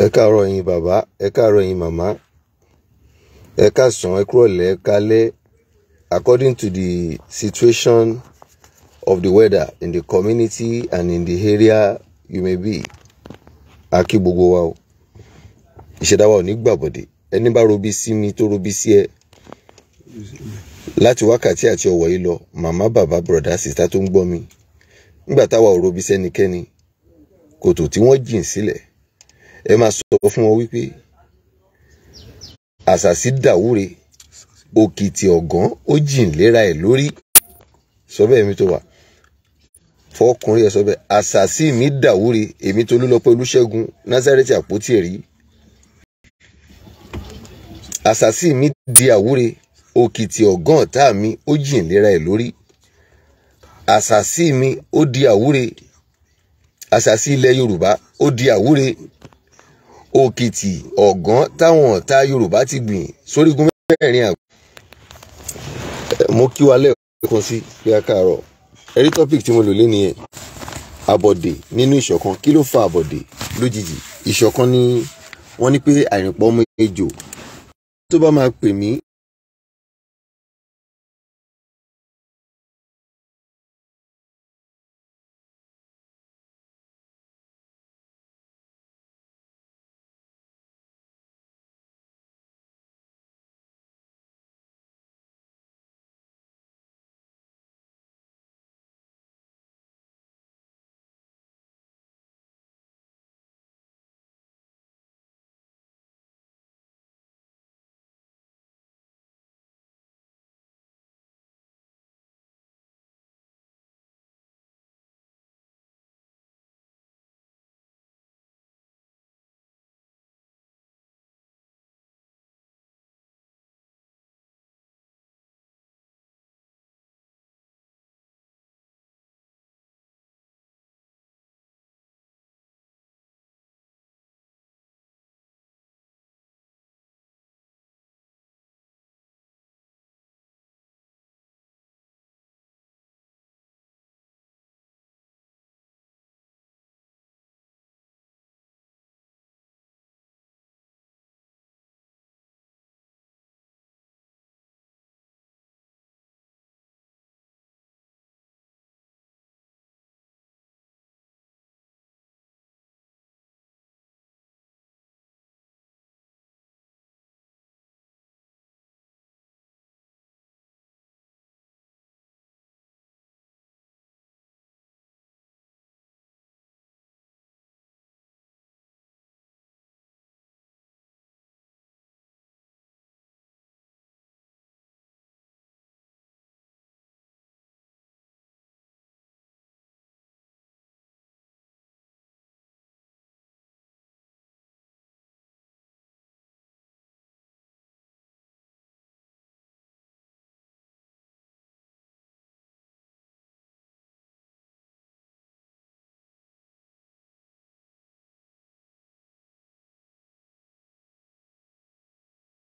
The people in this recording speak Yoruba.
ẹ káàárọ̀ yín bàbá ẹ káàárọ̀ yín màmá ẹ káàsán ẹ kúrọ̀lẹ́ ẹ kálẹ́ according to the situation of the weather in the community and in the area you may be a kí gbogbo wa o ìṣẹ̀dá wa ò ní gbàbọ̀dé ẹni bá robí sí mi tó robí sí ẹ láti wákàtí àti ọ̀wọ̀ yìí lọ màmá bàbá bùrọ̀dá sìta tó ń gbọ́ mi nígbà táwa ò robí sẹ́nikẹ́ni kòtò tí wọ́n jìn sílẹ̀ si ẹ máa sọ fún wọn wípé àṣàsí dàwúre òkìtì ọ̀gán ó jìn léra ẹ̀ lórí sọ bẹ́ẹ̀ mi tó wà fọkùnrin ẹ sọ bẹ́ẹ̀ àṣàsí mi dàwúre èmi tó lólọ́pẹ́ olúṣẹ́gun násárẹ́tì àpótí ẹ̀rí àṣàsí mi di àwúre òkìtì ọ̀gán mi ó jìn léra ẹ̀ lórí àṣàsí mi ó di àwúre àṣàsí ilẹ̀ yorùbá ó òkìtì ọ̀gán táwọn ọ̀tá yorùbá ti gbìn sórígun mẹ́rin àgbà. mo kí wa lẹ́ẹ̀kan sí pé a káàárọ̀ ẹ̀rí topic tí mo lò lé nìyẹn àbọ̀dè nínú ìṣọ̀kan kí ló fa àbọ̀dè lójijì ìṣọ̀kan ni wọ́n ní pé àìrìnpọ̀ ọmọ ejò tó bá máa pè mí